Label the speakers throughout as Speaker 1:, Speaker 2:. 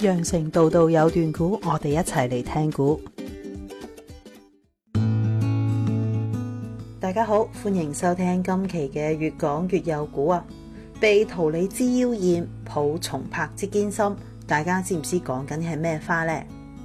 Speaker 1: 羊城道道有段古，我哋一齊嚟聽古。大家好，歡迎收聽今期嘅粵講粵有古啊！避桃李之妖艷，抱松柏之堅心。大家知唔知講緊係咩花呢？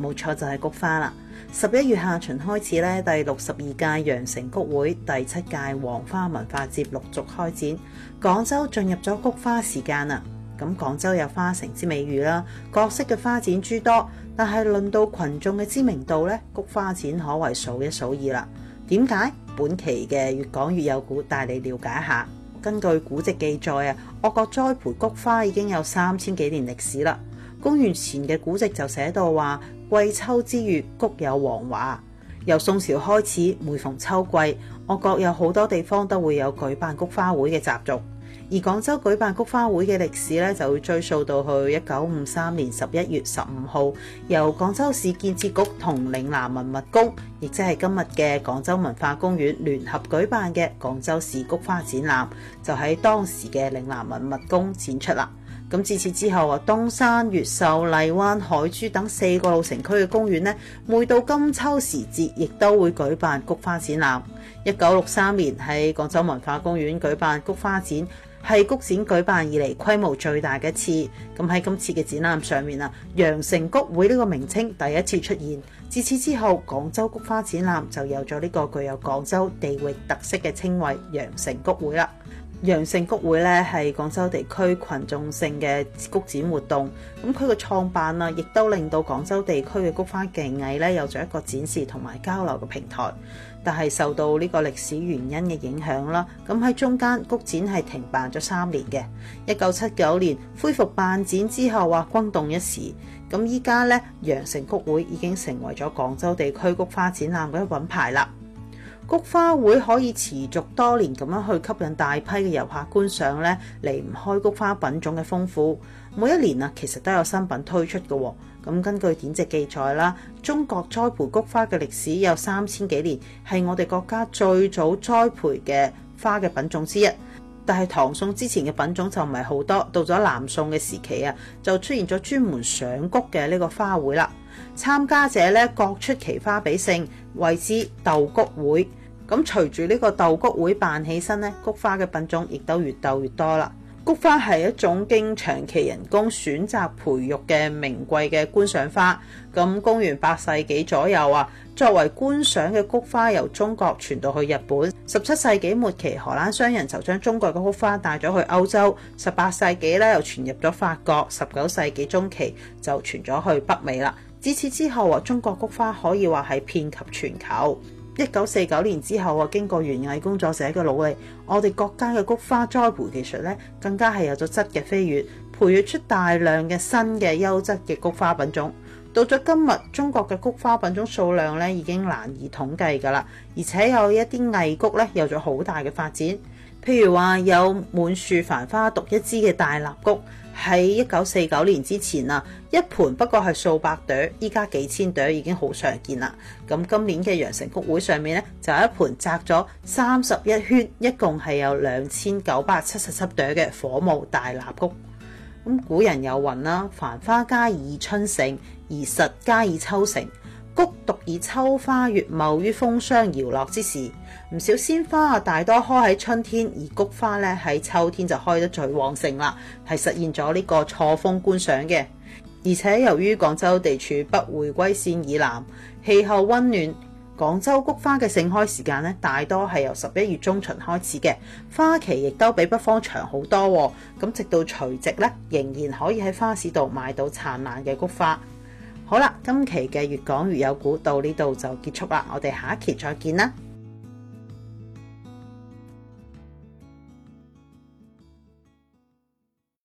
Speaker 1: 冇錯，就係菊花啦！十一月下旬開始呢，第六十二屆羊城菊會、第七屆黃花文化節陸續開展，廣州進入咗菊花時間啦！咁廣州有花城之美譽啦，各式嘅花展諸多，但係論到群眾嘅知名度咧，菊花展可謂數一數二啦。點解？本期嘅粵講粵有古帶你了解下。根據古籍記載啊，我國栽培菊花已經有三千幾年歷史啦。公元前嘅古籍就寫到話，季秋之月，菊有黃華。由宋朝開始，每逢秋季，我國有好多地方都會有舉辦菊花會嘅習俗。而廣州舉辦菊花會嘅歷史咧，就會追溯到去一九五三年十一月十五號，由廣州市建設局同嶺南文物宮，亦即係今日嘅廣州文化公園聯合舉辦嘅廣州市菊花展覽，就喺當時嘅嶺南文物宮展出啦。咁至此之後啊，東山、越秀、荔灣、海珠等四個老城區嘅公園呢，每到金秋時節亦都會舉辦菊花展覽。一九六三年喺廣州文化公園舉辦菊花展。係菊展舉辦以嚟規模最大嘅一次，咁喺今次嘅展覽上面啊，羊城菊會呢個名稱第一次出現，自此之後，廣州菊花展覽就有咗呢個具有廣州地域特色嘅稱謂——羊城菊會啦。羊城菊會咧係廣州地區群眾性嘅菊展活動，咁佢嘅創辦啊，亦都令到廣州地區嘅菊花技藝咧有咗一個展示同埋交流嘅平台。但係受到呢個歷史原因嘅影響啦，咁喺中間菊展係停辦咗三年嘅。一九七九年恢復辦展之後話轟動一時，咁依家咧羊城菊會已經成為咗廣州地區菊花展覽嗰一品牌啦。菊花會可以持續多年咁樣去吸引大批嘅遊客觀賞咧，離唔開菊花品種嘅豐富。每一年啊，其實都有新品推出嘅。咁根據典籍記載啦，中國栽培菊花嘅歷史有三千幾年，係我哋國家最早栽培嘅花嘅品種之一。但係唐宋之前嘅品種就唔係好多，到咗南宋嘅時期啊，就出現咗專門賞菊嘅呢個花會啦。參加者咧，各出奇花比勝，謂之鬥菊會。咁隨住呢個鬥菊會辦起身咧，菊花嘅品種亦都越鬥越多啦。菊花係一種經長期人工選擇培育嘅名貴嘅觀賞花。咁公元八世紀左右啊，作為觀賞嘅菊花由中國傳到去日本。十七世紀末期，荷蘭商人就將中國嘅菊花帶咗去歐洲。十八世紀咧，又傳入咗法國。十九世紀中期就傳咗去北美啦。自此之後啊，中國菊花可以話係遍及全球。一九四九年之後啊，經過園藝工作者嘅努力，我哋國家嘅菊花栽培技術咧，更加係有咗質嘅飛躍，培育出大量嘅新嘅優質嘅菊花品種。到咗今日，中國嘅菊花品種數量咧，已經難以統計㗎喇，而且有一啲藝菊咧，有咗好大嘅發展，譬如話有滿樹繁花獨一枝嘅大立菊。喺一九四九年之前啊，一盆不過係數百朵，依家幾千朵已經好常見啦。咁今年嘅羊城菊會上面咧，就有一盆紮咗三十一圈，一共係有兩千九百七十七朵嘅火舞大立菊。咁古人有云啦：凡花皆以春盛，而實皆以秋成。菊獨以秋花悅茂於風霜搖落之時。唔少鮮花啊，大多開喺春天，而菊花咧喺秋天就開得最旺盛啦，係實現咗呢個錯峰觀賞嘅。而且由於廣州地處北回歸線以南，氣候温暖，廣州菊花嘅盛開時間咧，大多係由十一月中旬開始嘅，花期亦都比北方長好多。咁直到除夕咧，仍然可以喺花市度買到燦爛嘅菊花。好啦，今期嘅粵講粵有古到呢度就結束啦，我哋下一期再見啦。